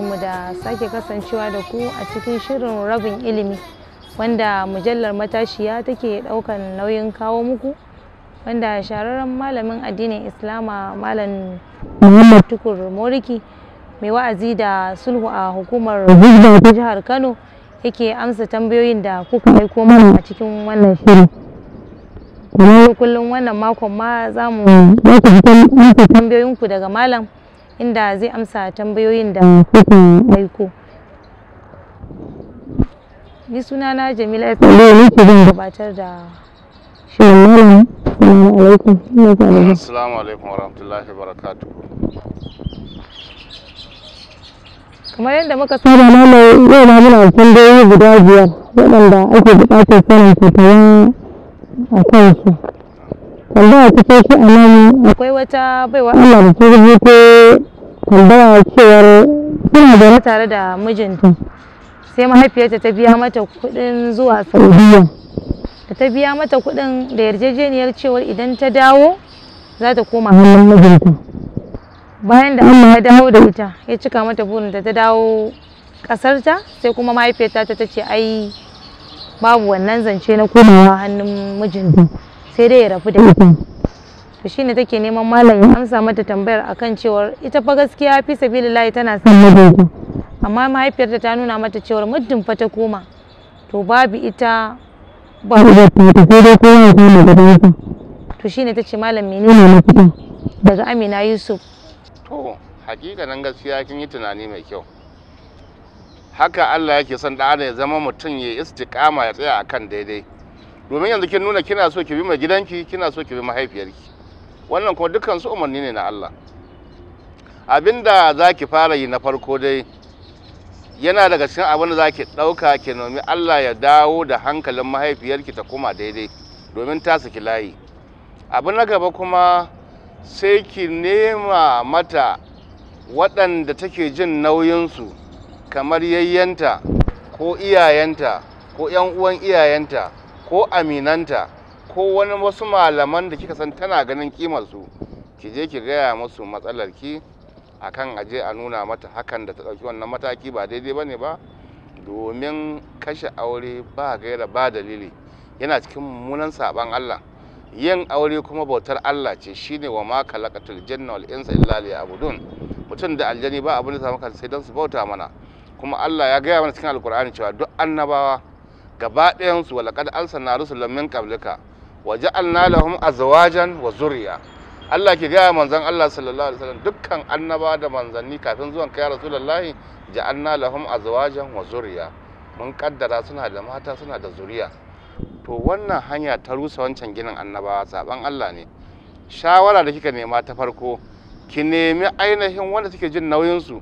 mu da sake kasancewa da ku a cikin shirin rabin ilimi wanda mujallar matashiya take daukan nauyin kawo muku wanda shararren malamin addinin islama malam muhammad tukur moriki mai wa'azi da sulhu a hukumar jihar kano yake amsa tambayoyin da kuka aiko mana a cikin wannan shirin kullum wannan makon ma za mu tambayoyinku daga malam inda zai amsa tambayoyin da mm, kuka aiko ni suna na jamila tsalle ne ke zan gabatar da shirin malam assalamu alaikum assalamu alaikum warahmatullahi wabarakatuh kamar yadda muka saba malam yau na muna tambayoyi guda biyar waɗanda ake buƙatar sanin fatawa a kansu tambaya ta farko a nan akwai wata baiwa Allah da ta rubuto tambaya cewar kuna zaune tare da mijinta hmm. sai mahaifiyarta ta biya mata kuɗin zuwa saudiya da ta biya mata kuɗin da yarjejeniyar cewar idan ta dawo za ta koma hannun mijinta bayan da amma ya dawo da ita ya cika mata burinta ta dawo ƙasarta sai kuma mahaifiyarta ta ce ai babu wannan zance na komawa hannun mijinta hmm. sai dai ya rafu da ita hmm. to shine take neman malam ya amsa mata tambayar akan cewar ita fa gaskiya fi sabilillahi tana son madogo amma mahaifiyarta ta nuna mata cewar muddin fa ta koma to babu ita ba da ta sai dai kowa da koma da to shine tace malam menene mafita daga Amina Yusuf to hakikanin gaskiya kin yi tunani mai kyau haka Allah yake son da ya zama mutum ya istiqama ya tsaya akan daidai domin yanzu kin nuna kina so ki bi mai gidanki kina so ki bi mahaifiyarki wannan kuma dukkan su umarni ne na Allah abinda za ki fara yi na farko dai yana daga cikin abin da za ki ɗauka ki nomi Allah ya dawo da hankalin mahaifiyarki ta kuma daidai domin ta saki layi abu na gaba kuma sai ki nema mata waɗanda take jin nauyinsu kamar yayyanta ko iyayenta ko 'yan uwan iyayenta ko aminanta ko wani wasu malaman da kika san tana ganin kimar su ki je ki gaya musu matsalar ki akan aje a nuna mata hakan da ta ɗauki wannan mataki ba daidai bane ba domin kashe aure ba gaira ba dalili yana cikin mummunan saban Allah yin aure kuma bautar Allah ce shine wa ma kalakatul janna wal insa illa abudun mutum da aljani ba abin da samu sai don su bauta mana kuma Allah ya gaya mana cikin alkur'ani cewa duk annabawa gaba su walaqad arsalna rusulan min qablika wa ja'alna lahum azwajan wa zuriya Allah ki gaya manzon Allah sallallahu alaihi wasallam dukkan annaba da manzanni kafin zuwan kai rasulullahi ja'alna lahum azwajan wa zuriya mun kaddara suna da mata suna da zuriya to wannan hanya ta rusa wancan ginin annabawa saban Allah ne shawara da kika nema ta farko ki nemi ainihin wanda suke jin nauyinsu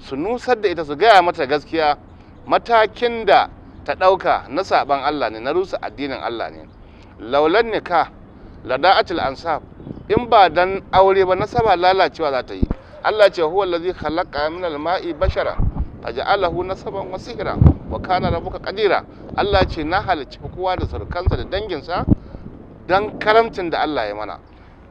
su nusar da ita su gaya mata gaskiya matakin da ta ɗauka na saban Allah ne na rusa addinin Allah ne laulan nikah lada'atul ansab in ba dan aure ba nasaba lalacewa za ta yi Allah ce huwa allazi khalaqa min al-ma'i bashara aj'alahu nasaban wa sihra wa kana rabbuka qadira Allah ce na halicci kowa da surkansa da danginsa dan karamcin da Allah ya mana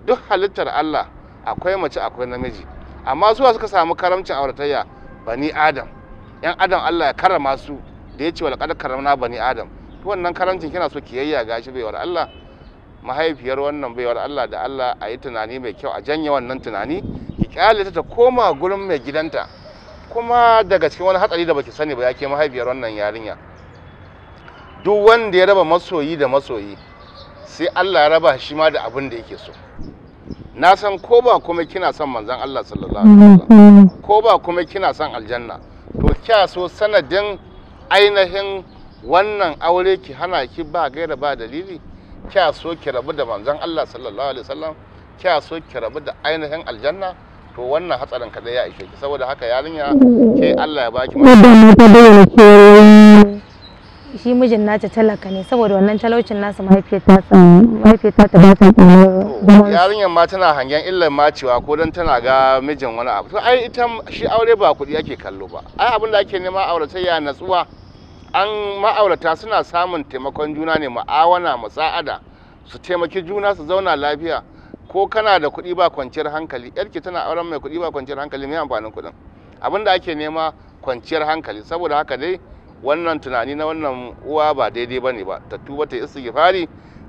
duk halittar Allah akwai mace akwai namiji amma su suka samu karamcin auratayya bani adam yan adam Allah ya karrama su da ya ce walaqad karamna bani adam wannan karancin kina so kiyayya gashi baiwar Allah mahaifiyar wannan baiwar Allah da Allah a yi tunani mai kyau a janye wannan tunani ki kyale ta koma gurin mai gidanta kuma daga cikin wani hatsari da baki sani ba ya mahaifiyar wannan yarinya duk wanda ya raba masoyi da masoyi sai Allah ya raba shi ma da abin da yake so na san ko ba kuma kina son manzon Allah sallallahu alaihi wasallam ko ba kuma kina son aljanna to kya so sanadin ainihin wannan aure ki hana ki ba gaira ba dalili kya so ki rabu da manzon Allah sallallahu alaihi wasallam kya so ki rabu da ainihin aljanna to wannan hatsarin kadai ya ishe ki saboda haka yarinya ke Allah ya baki shi mijin nata talaka ne saboda wannan talaucin nasa mahaifiyata mm. mahaifiyata ta ba ta Yarinya yarinyar ma tana hangen illar ma cewa ko dan tana ga mijin wani abu to ai ita shi aure ba kuɗi ake kallo ba ai abin da ake nema auratayya natsuwa an ma'aurata suna samun taimakon juna ne ma'awana musa'ada su taimaki juna su zauna lafiya ko kana da kuɗi ba kwanciyar hankali yarki tana auren mai kuɗi ba kwanciyar hankali mai amfanin kuɗin abin da ake nema kwanciyar hankali saboda haka dai wannan tunani na wannan uwa ba daidai bane ba ta tuba ta istighfari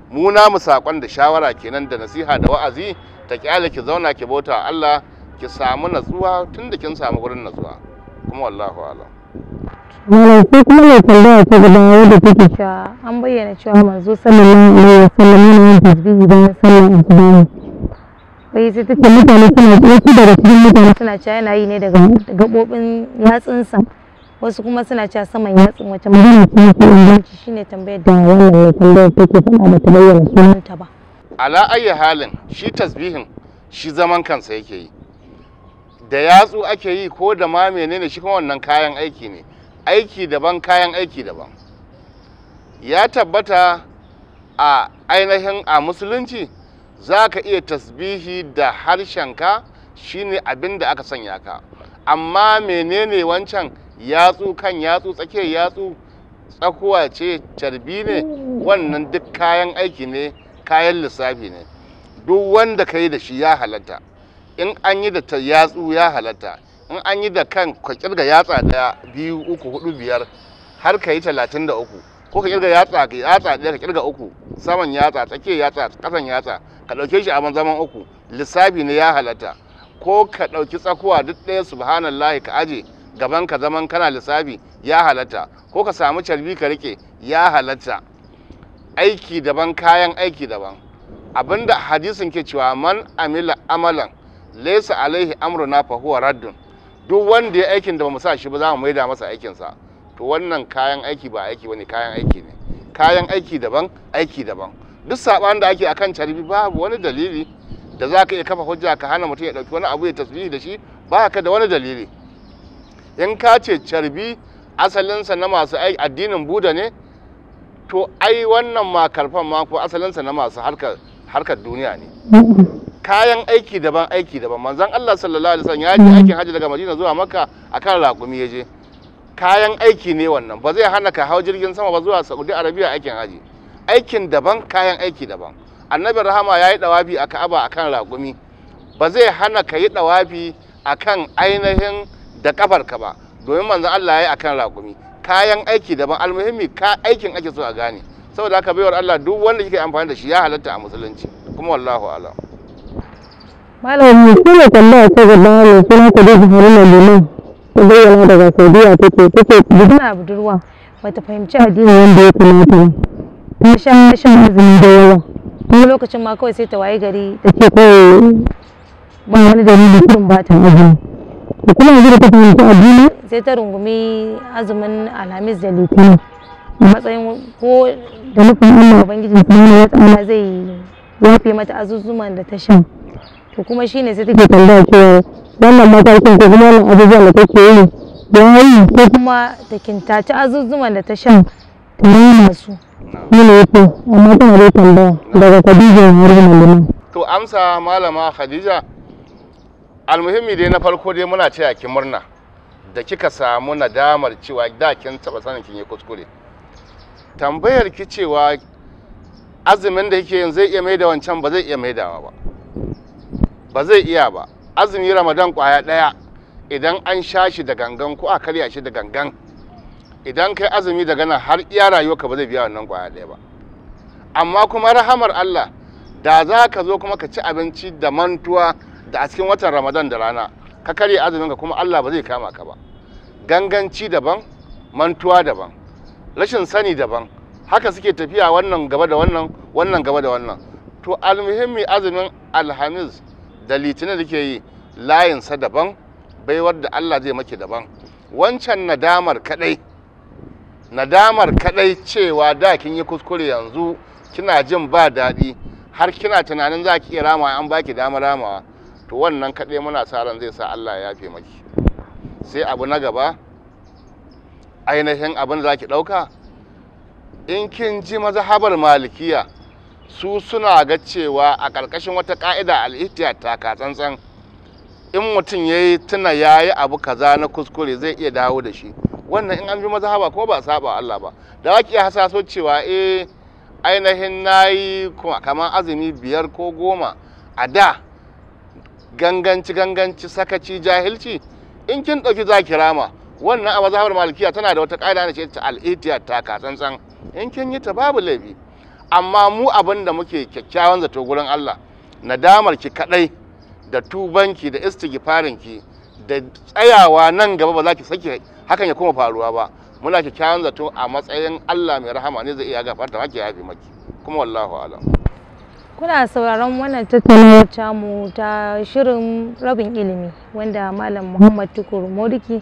mu na mu sakon da shawara kenan da nasiha da wa'azi ta kyale ki zauna ki bauta Allah ki samu natsuwa tunda kin samu gurin natsuwa kuma wallahu a'lam malam ko kuma mai tambaya ta gaba wadda take cewa an bayyana cewa manzo sallallahu alaihi wasallam yana yin tasbihi bayan sallar asubahi bai sai take mutane suna wasu daga cikin mutane suna cewa yana yi ne daga gabobin yatsunsa wasu kuma suna cewa saman yatsun wacce magana ce mafi inganci shine tambayar da wannan mai tambayar take faɗa ba ta bayyana sunanta ba ala ayyi halin shi tasbihin shi zaman kansa yake yi da yatsu ake yi ko da ma menene shi kuma wannan kayan aiki ne aiki daban kayan aiki daban ya tabbata a ainihin a musulunci za ka iya tasbihi da harshenka shine abin da aka sanya ka amma menene wancan yatsu kan yatsu tsakiyar yatsu tsakuwa ce carbi ne wannan duk kayan aiki ne kayan lissafi ne duk wanda ka yi da shi ya halatta in an yi da ta yatsu ya halatta in an yi da kan ka kirga yatsa daya biyu uku hudu biyar har ka yi talatin da uku ko ka kirga yatsa ka yatsa daya ka kirga uku saman yatsa tsakiyar yatsa kasan yatsa ka dauke shi a zaman uku lissafi ne ya halatta ko ka dauki tsakuwa duk daya subhanallahi ka aje gaban ka zaman kana lissafi ya halatta ko ka samu carbi ka rike ya halatta aiki daban kayan aiki daban abinda hadisin ke cewa man amila amalan laisa alaihi amruna fa huwa raddun duk wanda ya aikin da bamu sa shi ba za mu maida masa aikin sa to wannan kayan aiki ba aiki bane kayan aiki ne kayan aiki daban aiki daban duk saban da ake akan carbi babu wani dalili da za ka iya kafa hujja ka hana mutum ya ɗauki wani abu ya tasbihi da shi ba ka da wani dalili in ka ce carbi asalinsa na masu addinin buda ne to ai wannan makarfan ma ko asalinsa na masu harkar duniya ne kayan aiki daban aiki daban manzan Allah sallallahu alaihi wasallam ya je aikin hajji daga Madina zuwa Makka akan raƙumi ya je kayan aiki ne wannan ba zai hana ka hau jirgin sama ba zuwa Saudi Arabia aikin hajji aikin daban kayan aiki daban annabi rahama ya yi dawabi a ka'aba akan raƙumi ba zai hana ka yi dawabi akan ainihin da kafarka ba domin manzan Allah ya yi akan raƙumi kayan aiki daban almuhimmi ka aikin ake so a gane saboda haka baiwar Allah duk wanda kike amfani da shi ya halatta a musulunci kuma wallahu a'lam Malam ko ne tambaya ta gaba ne suna ku da Haruna Liman ta bayyana daga Saudiya take take gudana budurwa bata fahimci addini wanda ya kamata ba. Ta sha azumi da yawa. Kuma lokacin ma kawai sai ta waye gari ta ce kawai ba wani dalili kurin ba ta azumi. Da kuma yanzu da ta fahimci addini sai ta rungumi azumin Alhamis da Litinin. matsayin ko da nufin Allah Ubangiji Subhanahu wa ta'ala zai yafe mata azuzuman da ta sha. to kuma shine sai take tambaya ko wannan matakin ko kuma wannan abubuwan da take yi don yi ko kuma ta kintaci azuzuman da ta sha hmm. ta nuna su nuna yake amma tana dai tambaya daga Khadija Haruna Liman to amsa malama Khadija almuhimmi dai na farko dai muna cewa ki murna da kika samu nadamar cewa da kin taba sanin kin yi kuskure tambayar ki cewa azumin da yake yanzu zai iya maida wancan ba zai iya maidawa ba ba zai iya ba azumi ramadan kwaya daya idan an sha shi da gangan ko a karya shi da gangan idan kai azumi daga nan har iya rayuwarka ba zai biya wannan kwaya ɗaya ba amma kuma rahamar Allah da za ka zo kuma ka ci abinci da mantuwa da a cikin watan ramadan da rana ka karya azumin ka kuma Allah ba zai kama ka ba ganganci daban mantuwa daban rashin sani daban haka suke tafiya wannan gaba da wannan wannan gaba da wannan to almuhimmi azumin alhamis da litinin da ke yi layinsa daban baiwar da Allah zai maki daban wancan nadamar kadai nadamar kadai cewa da kin yi kuskure yanzu kina jin ba daɗi har kina tunanin za ki iya rama an ba ki damar ramawa to wannan kadai muna sa ran zai sa Allah ya yafe maki sai abu na gaba ainihin abin da za ki ɗauka in kin ji mazhabar malikiya su suna ga cewa a ƙarƙashin wata ƙa'ida al'ihtiyar taka tsantsan in mutum ya yi tuna ya yi abu kaza na kuskure zai iya dawo da shi wannan in an bi mazhaba ko ba saba Allah ba da waki ya hasaso cewa e, ainihin na yi kamar azumi biyar ko goma a da ganganci ganganci sakaci jahilci in kin ɗauki za ki rama wannan a mazhabar malikiya tana da wata ƙa'ida na ce ta al'itiyar taka tsantsan in kin yi ta babu laifi amma mu abin da muke kyakkyawan zato gurin Allah nadamar ki kadai da tubanki da istighfarin ki da tsayawa nan gaba ba za ki sake hakan ya kuma faruwa ba muna kyakkyawan zato a matsayin Allah mai rahama ne zai iya gafarta maki yafi maki kuma wallahu alam kuna sauraron wannan tattaunawar tamu ta shirin rabin ilimi wanda malam Muhammad Tukur Moriki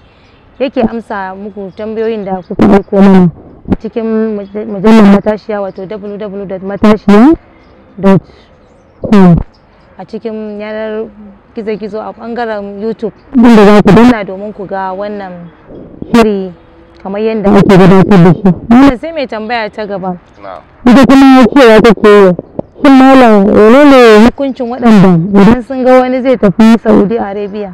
yake amsa muku tambayoyin da kuka ko mana cikin mujallar matashiya wato www.matashiya.com a cikin yanar gizo-gizo a bangaren youtube inda za ku danna domin ku ga wannan shiri kamar yadda ake gabatar da shi wanda sai mai tambaya ta gaba ita kuma ya cewa take yi shin malam menene hukuncin waɗanda idan sun ga wani zai tafi saudi arabia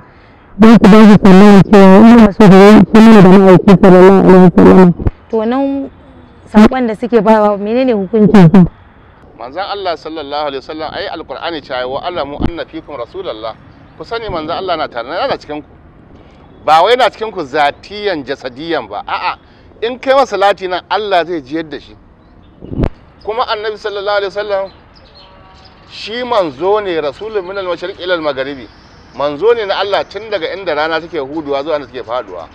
don su ba su sallama cewa ina so da yanki mana da ma'aiki sallallahu alaihi wasallam to nan sakon da suke bawa menene hukunci manzon Allah sallallahu alaihi wasallam ai alqur'ani ce ai wa alamu anna fikum rasulullah ku sani manzon Allah na tare Na cikin ku ba wai na cikin ku zatiyan jasadiyan ba a'a in kai masa salati nan Allah zai jiyar da shi kuma annabi sallallahu alaihi wasallam shi manzo ne rasulun minal mashriq ila al magharibi manzo ne na Allah tun daga inda rana take huduwa zuwa inda take faduwa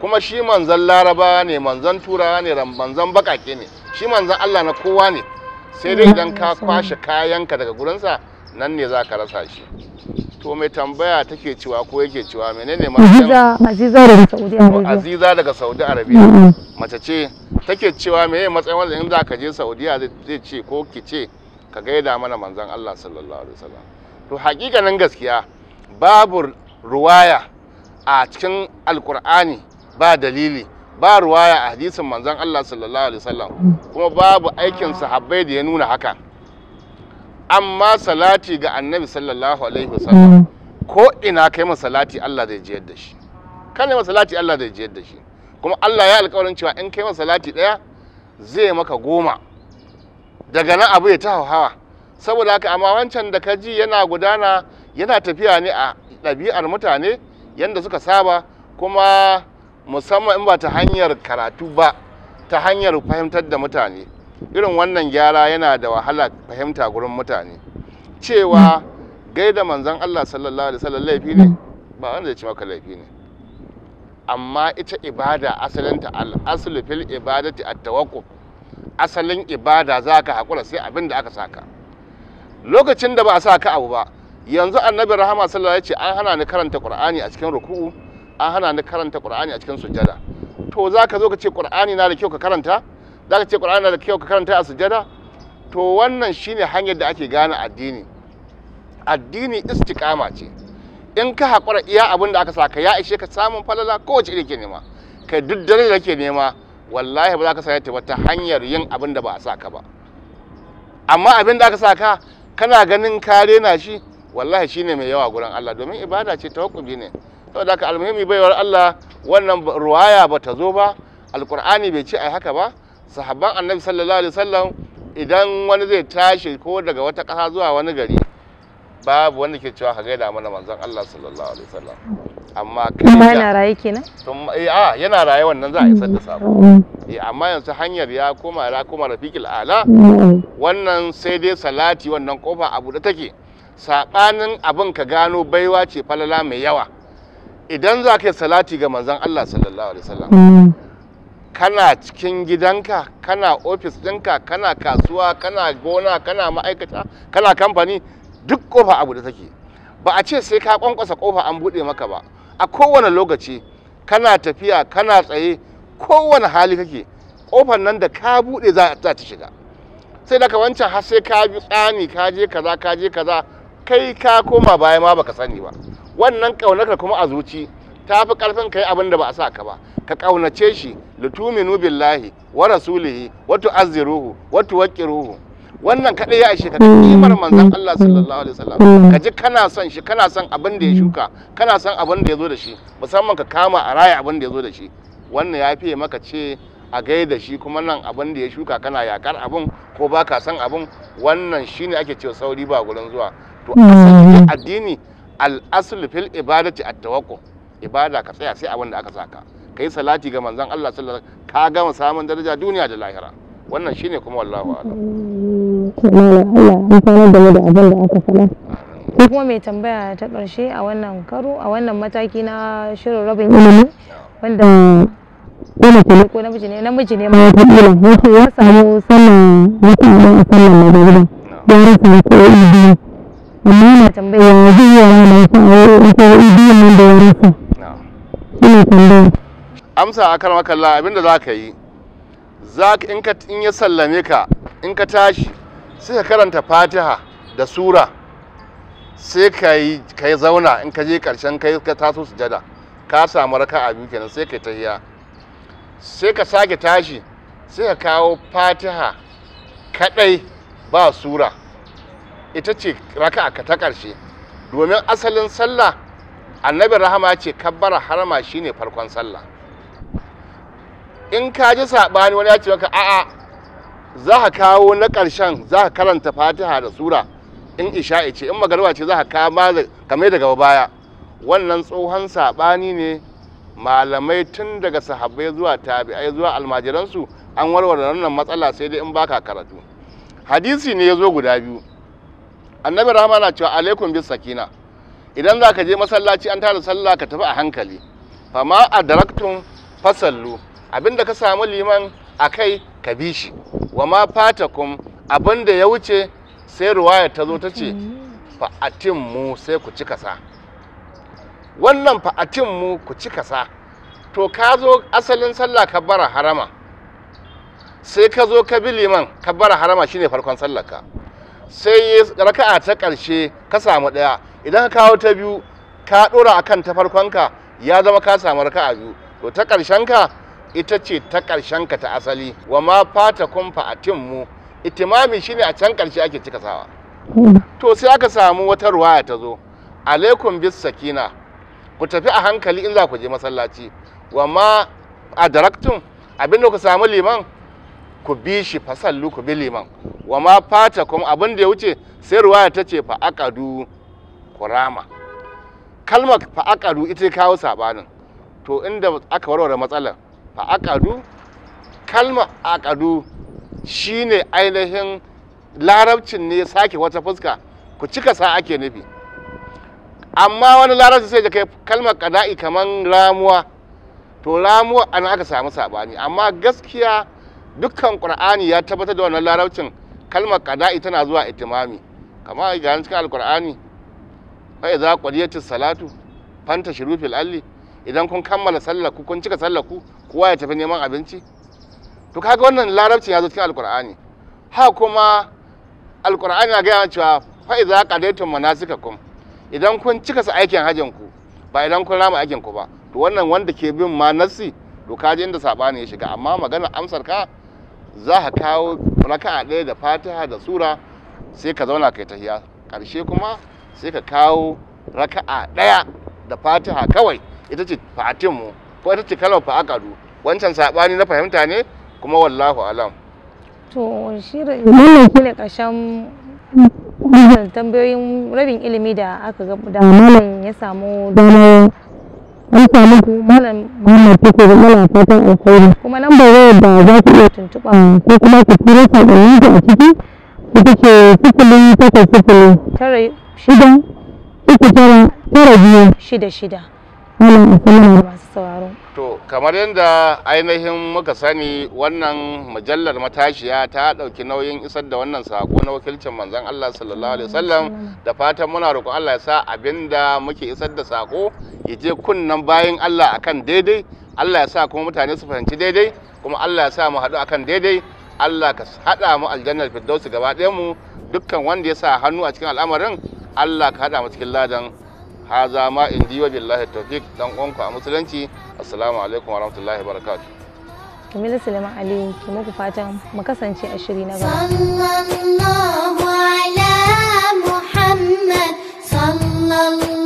kuma shi manzan laraba ne manzan turawa ne manzan bakake ne shi manzan allah na kowa ne sai dai idan ka kwashe kayanka daga gurinsa nan ne za ka rasa shi to mai tambaya take cewa ko yake cewa menene matsayin aziza daga saudi arabia saudi mace ce take cewa menene matsayin wanda in za ka je saudiya zai ce ko ki ce ka gaida mana manzan allah sallallahu alaihi wasallam to hakikanin gaskiya babu ruwaya a cikin alkur'ani ba dalili ba ruwaya a hadisin manzon Allah sallallahu alaihi wasallam kuma babu aikin sahabbai da ya nuna haka amma salati ga annabi sallallahu alaihi wasallam mm. ko ina kai masa salati Allah zai jiyar da shi kan masa salati Allah zai jiyar da shi kuma Allah ya alƙawarin cewa in kai masa salati daya zai maka goma daga nan abu ya ta hauhawa. saboda haka amma wancan da ka ji yana gudana yana tafiya ne a ɗabi'ar mutane yadda suka saba kuma musamman in ba ta hanyar karatu ba ta hanyar fahimtar da mutane irin wannan gyara yana da wahala fahimta gurin mutane cewa gaida manzan Allah sallallahu alaihi wasallam laifi ne ba wanda ya ci maka laifi ne amma ita ibada asalinta al'aslu fil ibadati at tawakkul asalin ibada zaka hakura sai abin da aka saka lokacin da ba a saka abu ba yanzu annabi rahama sallallahu alaihi wasallam ya ce an hana ni karanta qur'ani a cikin ruku'u an hana ni karanta qur'ani a cikin sujjada to za ka zo ka ce qur'ani na da kyau ka karanta za ka ce qur'ani na da kyau ka karanta a sujjada to wannan shine hanyar da ake gane addini addini istiqama ce in ka haƙura iya abin da aka saka ya ishe ka samun falala kowace irin ke nema kai duk dare da ke nema wallahi ba za ka sa ta wata hanyar yin abin da ba a saka ba amma abin da aka saka kana ganin kare na shi wallahi shine mai yawa gurin Allah domin ibada ce tawakkuli ne saboda haka almuhimmi baiwar Allah wannan ruwaya ba ta zo ba alkur'ani bai ce ai haka ba sahabban annabi sallallahu alaihi wasallam idan wani zai tashi ko daga wata ƙasa zuwa wani gari babu wanda ke cewa ka gaida mana manzon Allah sallallahu alaihi wasallam amma kai ma yana raye kenan to eh, a yana raye wannan za a isar da sabo mm. eh amma yanzu hanyar ya koma ra koma rafiqil ala mm. wannan sai dai salati wannan kofa abu da take sabanin abin ka gano baiwa ce falala mai yawa idan za ka yi salati ga manzan Allah sallallahu alaihi wasallam mm. kana cikin gidanka kana ofis ɗinka kana kasuwa kana gona kana ma'aikata kana kamfani duk kofa abu da take ba a ce sai ka kwankwasa kofa an buɗe maka ba a kowane lokaci kana tafiya kana tsaye kowane hali kake kofar nan da ka buɗe za ta shiga sai daga wancan har sai ka bi tsani ka je kaza ka je kaza kai ka koma baya ma baka sani ba wannan ƙaunar kuma a zuci ta fi ƙarfin kai abin da ba a sa ka ba ka ƙaunace shi lutuminu billahi wa rasulihi wa tu'azziruhu wa tuwaqqiruhu wannan kadai ya ishe ka kimar manzon Allah sallallahu alaihi wasallam ka ji kana son shi kana son abin da ya shuka kana son abin da ya zo da shi musamman ka kama a raya abin da ya zo da shi wannan ya fiye maka ce a gaida shi kuma nan abin da ya shuka kana yakar abin ko baka son abin wannan shine ake cewa sauri ba gurin zuwa to asali addini al'aslu fil ibadati at tawakkul ibada ka tsaya sai abin da aka saka kai salati ga manzon Allah sallallahu alaihi wasallam ka gama samun daraja duniya da lahira wannan shine kuma wallahu a'lam Allah amfanar da mu da abin da aka faɗa ko kuma mai tambaya ta ƙarshe a wannan karo a wannan mataki na shirin rabin ilimi wanda dole eh, ku ko namiji ne namiji ne eh, ma wata dole ya samu sallan wata abin a sallan magariba ya rasa ko ibi amma amsa a kan makalla abinda za ka yi za in ya sallame ka in ka tashi sai ka karanta fatiha da sura sai ka yi ka zauna in ka je karshen kai ka taso sujada ka samu raka a biyu kenan sai ka tahiya sai ka sake tashi sai ka kawo fatiha kadai ba sura ita ce raka'a a ta ƙarshe domin asalin sallah annabi rahama ce kabbara harma shine farkon sallah in ka ji saɓani wani ya ce maka a'a za ka kawo na ƙarshen za ka karanta fatiha da sura in isha ce in magarba ce za ka kame daga baya wannan tsohon saɓani ne malamai tun daga sahabbai zuwa tabi'ai zuwa almajiransu an warware wannan matsala sai dai in baka karatu hadisi ne ya zo guda biyu annabi rahama na cewa alaikum bis sakina idan za ka je masallaci an tara sallah ka tafi a hankali fa a adraktum fasallu abinda ka samu liman a kai ka bi shi wa ma fatakum abinda ya wuce sai ruwaya ta zo ta ce fa atim mu sai ku ci kasa wannan fa atim mu ku ci kasa to ka zo asalin sallah ka bara harama sai ka zo ka bi liman ka bara harama shine farkon sallar sai raka'a ta ƙarshe ka samu ɗaya idan ka kawo ta biyu ka ɗora a kan ta farkonka ya zama ka samu raka'a biyu to ta ƙarshenka ita ce ta ƙarshenka ta asali wa ma fata kumfa a timmu itimami shine a can ƙarshe ake cika sawa to sai aka samu wata ruwaya ta zo alaikum bis sakina ku tafi a hankali in za ku je masallaci wa ma daraktun abinda ku samu liman ku bi shi fasallu ku bi liman wa ma fata kuma abin da ya wuce sai ruwaya ta ce fa'aqadu kurama kalmar fa'aqadu ita kawo sabanin to inda aka warware matsalar fa'aqadu kalmar aqadu shine ainihin larabcin ne sake wata fuska ku cika sa ake nufi amma wani larabci sai kai kalmar kada'i kaman ramuwa to ramuwa an aka samu sabani amma gaskiya dukkan qur'ani ya tabbatar da wannan larabcin kalmar qada'i tana zuwa itimami kama ga cikin alqur'ani fa idza qadiyatis salatu fanta shirufil alli idan kun kammala sallar ku kun cika sallar ku kowa ya tafi neman abinci to kaga wannan larabcin ya zo cikin alqur'ani ha kuma alqur'ani na gaya cewa fa idza qadaytum manasikakum idan kun cika su aikin hajjin ku ba idan kun rama aikin ku ba to wannan wanda ke bin ma nasi to kaji inda sabani ya shiga amma magana amsar ka za ka kawo raka'a ɗaya da fatiha da sura sai ka zauna kai tahiya ƙarshe kuma sai ka kawo raka'a ɗaya da fatiha kawai ita ce fa'atinmu ko ita ce kalmar fa'akadu wancan saɓani na fahimta ne kuma wallahu alam to shi wannan shi ne ƙarshen tambayoyin rabin ilimi da aka ga da malam ya samu damar an samu malam Muhammad take muna fatan alkhairi kuma lambar wayar da za ku iya tuntuɓa mm. ko kuma ku turo saƙonnin ku a ciki ita ce sifili takwas sifili tara shida uku tara tara biyu shida shida to kamar yadda ainihin muka sani wannan mujallar matashiya ta ɗauki nauyin isar da wannan sako na wakilcin manzon Allah sallallahu alaihi wasallam da fatan muna roƙon Allah ya sa abinda muke isar da sako ya je kunnan bayan Allah akan daidai Allah ya sa kuma mutane su fahimci daidai kuma Allah ya sa mu haɗu akan daidai Allah ka haɗa mu aljannar firdausi gaba ɗayan mu dukkan wanda ya sa hannu a cikin al'amarin Allah ka haɗa mu cikin ladan haza ma indi wa billahi tawfiq dan uwanku a musulunci assalamu alaikum warahmatullahi wabarakatuh Jamilu Suleiman ali ke muku fatan mu kasance a shiri na gaba. Sallallahu ala Muhammad sallallahu